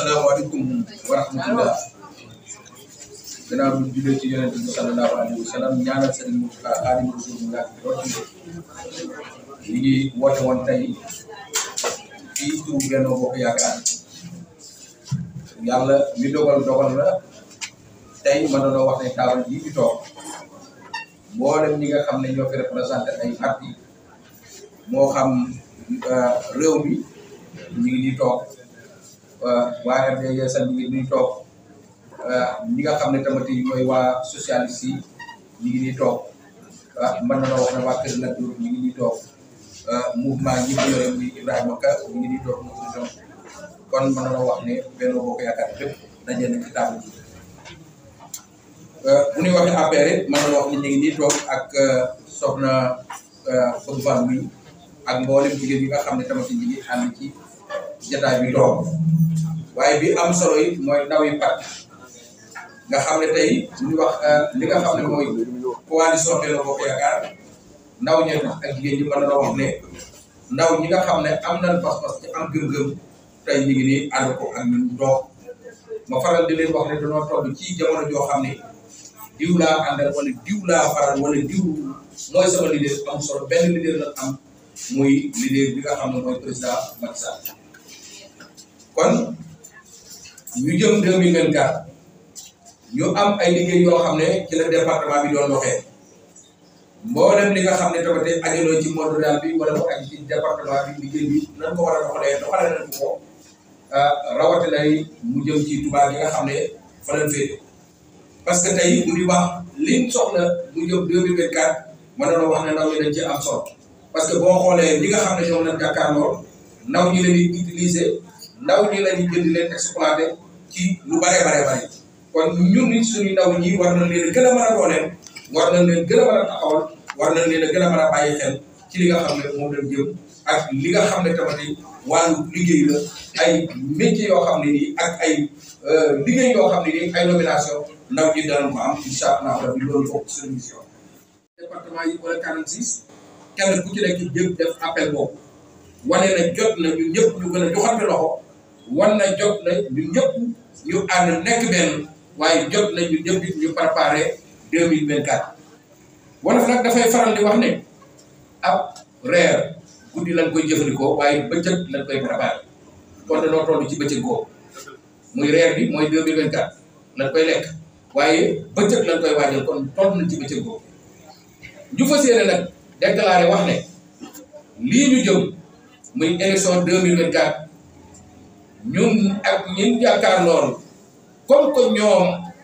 salaamaaleykum wa rahmatullah gannaaw bi jullee ci yonent bi sallallahu alayhi wa sallam ñaanal sëriñ Moustapha Xaadimu Rasuul mu yàgg lool ñu ngi woote woon tey ci turu Benno Bokk Yaakaar yàlla mi dogal dogal na tey mën na wax ne taabal yi fi toog mboolem ñi nga xam ne ñoo fi représenté ay moo xam euh, réew mi ñu ngi nii toog. waa RDS ñu ngi nii toog euh, ñi nga xam ne tamit ñooy waa socialiste yi ñu ngi nii toog euh, mën na ma wax ne waa Kër Lat Dior euh, mu yore muy Ibrahima Ka ñu ngi toog kon mën na wax ne benn boo ko yaakaar lépp daje na ci table bi bu ñuy waxee APR it mën na wax ne ñu ngi nii toog ak soxna Fodouane mi ak mboolem jigéen ñi nga xam ne tamit ñu ngi ànd ci. jataay bi toog waaye bi am solo mooy ndaw yi parti nga xam ne tey ñu wax euh, li nga xam ne mooy coalition Benno Bokk Yaakaar ndaw ñi nga xam ne am nañ pas-pas ci am gëm-gëm tey ñu ngi nii ànd ko ak ñun doog ma faral di leen ne dañoo toll ci jamono joo xam ne diw laa àndal wala diw laa wala diw mooy sama leader am solo benn leader la am muy leader bi nga xam ne mooy président Macky Sall kon ñu jëm 2024 ñu am ay liggéey yoo xam ne ci la département bi doon doxee mboolem li nga xam ne tamit ajaloo ci monde rural bi wala mu aju ci département bi bi nan ko war a doxalee doxalee nañ ko ah, rawatina yi mu jëm ci tubaab yi nga xam ne fa lañ parce que tey di wax liñ soxla mu jëm 2024 mën na wax ne ndaw ñi dañ ci am solo parce que boo xoolee li nga xam ne ñoom lañ jàkkaarloo ndaw ñi leen di ndaw ñi la ñuy jël di leen ci lu bare bare bare kon ñun it suñu ndaw ñi war nañ leen a gën a mën war nañ leen gën a mën a taxawal war nañ leen a gën a mën xel ci li nga xam ne moom lañ jëm ak li nga xam ne tamit wàllu liggéey la ay métier yoo xam ne nii ak ay euh, liggéey yoo xam ne nii ay nomination ndaw ñi danañ ko am incha allah rabbi loolu bokk suñu mission. département yi wala 46 ci nekk jëm def appel boobu wane na jot na ñun ñëpp gën a joxante loxo. war na jot na ñun ñëpp ñu ànd nekk benn waaye jot na ñun ñëpp ñu préparé deux mille vingt quatre wolof nag dafay faral di wax ne ab reer guddi lañ koy jëfandikoo waaye bëccëg lañ koy préparé kon toll ci bëccëg boobu muy mooy deux mille vingt waaye bëccëg lañ koy waajal kon toll nañ ci bëccëg boobu ñu fas yéene nag déclaré wax ne lii ñu jëm muy élection deux mille vingt quatre ñun ak ñun yaakaar loolu comme que ñoom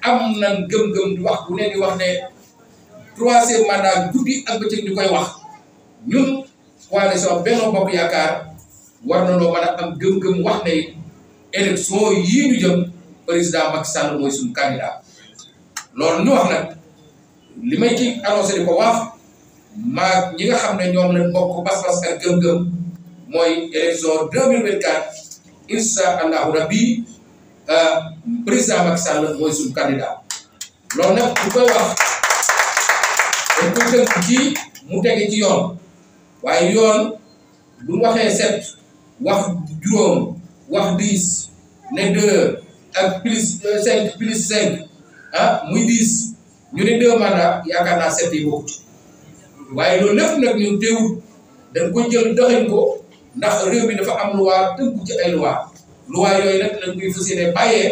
am nañ gëm-gëm wax bu ne di wax ne troisième mandat guddi ak bëccëg ñu koy wax ñun coalition Benno Bokk Yaakaar war na loo mën a am gëm-gëm wax ne élection yii ñu jëm président Macky Sall mooy suñu candidat loolu ñu wax nag li may ci annoncé di ko waaf maa ñi nga xam ne ñoom lañ bokk pas-pas ak gëm-gëm mooy élection 2024 insha allahu rabbi euh, président Macky Sall mooy suñu candidat loolu nag bu koy wax dañ mu tege ci yoon waaye yoon bu waxee sept wax juróom wax plus euh, cinq plus cinq ah, muy dix ñu ne deux mandat yaakaar naa jël doxin ko ndax réew mi dafa am loi tënku ci ay loi loi yooyu nag lañ koy fas yéene bàyyee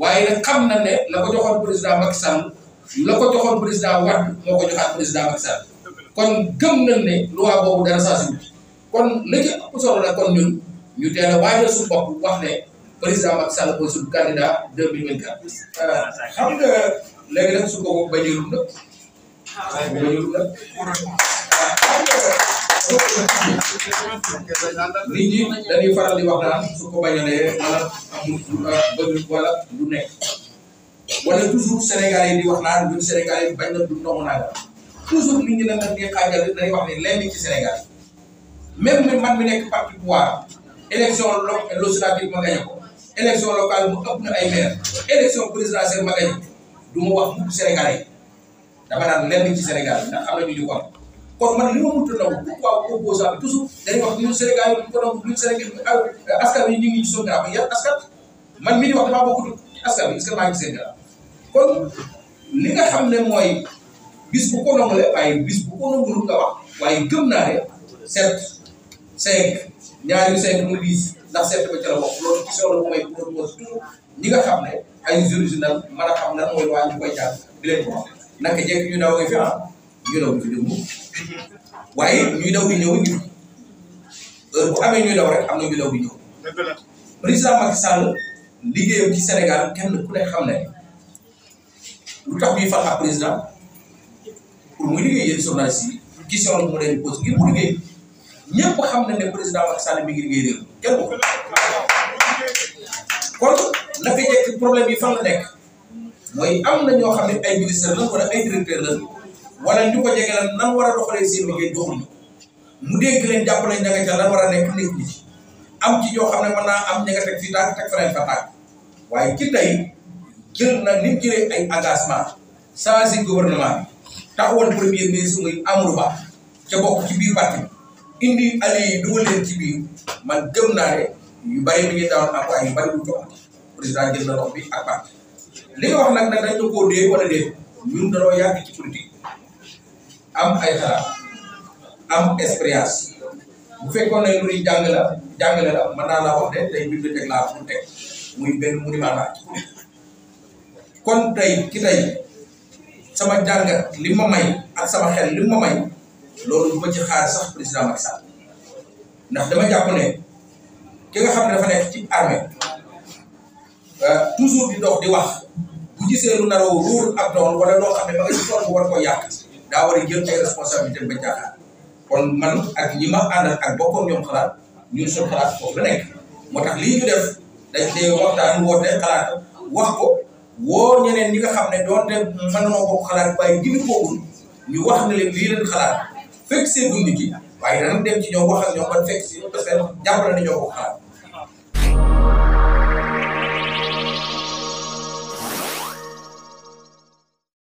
waaye nag xam na ne la ko joxoon président Macky Sall la ko joxoon président Wade moo ko joxaat président Macky kon gëm nañ ne loi boobu dara sensible kon la ci ëpp solo la kon ñun ñu teel a waajal suñu wax ne président Macky Sall mooy suñu candidat 2024. xam nga léegi a yëngu ah, a nit ñi dañuy faral di wax naan su ko bañalee wala amul wala du nekk wala toujours Sénégal yi di wax naan ñun Sénégal bañ na du ndoxu naa toujours nit ñi nag nag ngay xaajal wax ne lenn ci Sénégal même ni man mi nekk parti pouvoir élection lo législative ma gañe ko élection locale mu ëpp na ay maire élection présidentielle ma du ma wax mukk Sénégalais dama naan lenn ci Sénégal na ñu ñu ko am kon man li ma mënut a ndaw pourquoi opposant bi toujours dañuy wax ñun Sénégal yi ñu ko doon ñun Sénégal askan wi ñu ngi ci zone garab yi yan askan man mii di wax damaa bokkut askan wi est-ce que maa ngi ci seen garab kon li nga xam ne mooy bis bu ko nangalee waaye bis bu ko nangalu nga wax waaye gëm naa ne sept cinq ñaari cinq mu dix ndax sept ba ca la bokk loolu ci solo bu may propose toujours ñi nga xam ne ay original mën a xam lan mooy waa ñu koy jaar di leen ko wax naka jekk ñu daw nga fi ah ñu daw fi déglu. waaye ñuy daw di ñëw ñu heure amee ñuy daw rek am na ñuy daw di ñëw. président Macky Sall liggéeyam ci Sénégal kenn ku ne xam ne lu tax ñuy fal ab président pour muy liggéey yéen journaliste yi question la mu leen pose ngir mu liggéey ñëpp xam nañ ne président Macky Sall mi ngi liggéey réew kenn ko kon na fi problème yi fan la nekk mooy am na ñoo xam ne ay ministre la wala ay directeur la. wala ñu ko jege lan nan war a doxalee seen liggéey mu dégg leen jàpp nañ ña ca lan war a nekk nekk am ci ñoo xam ne mën naa am ña nga teg fii tànk teg feneen fa tànk waaye ki tey jël na nit jëlee ay engagement changé gouvernement bi taxawal premier ministre muy Amadou Ba ca bokk ci biir parti indi alliés yi dugal leen ci biir man gëm naa ne yu bari mi ngi daawoon ak waaye yu bari président jël na ndox bi ak parti li nga wax nag nag dañ ko dee am ay xalaat am expérience bu fekkoon ne lu ñuy jàng la jàngale la mën naa laa wax ne tey bibliothèque laa pour teg muy benn monument la kon tey ki tey sama jàngat li ma may ak sama xel li ma may loolu du ma ci sax président Macky Sall ndax dama jàpp ne ki xam ne dafa nekk ci armée euh, toujours di dox di wax bu gisee lu naroo ruur ak doon wala loo xam ne ma nga si tool bu war koo yàq daa war a jël ay responsabilités ba caaxaan kon man ak ñi ma ànd ak bokkoon ñoom xalaat ñun suñu xalaat foofu la nekk moo tax lii ñu def dañ dee waxtaan woote xalaat wax ko woo ñeneen ñi nga xam ne doonte mën noo bokk xalaat waaye gimi koogul ñu wax ne leen lii leen xalaat fekk seen dund ci waaye dana dem ci ñoom wax ak ñoom ban fekk si parce que jàpp ne ñoo xalaat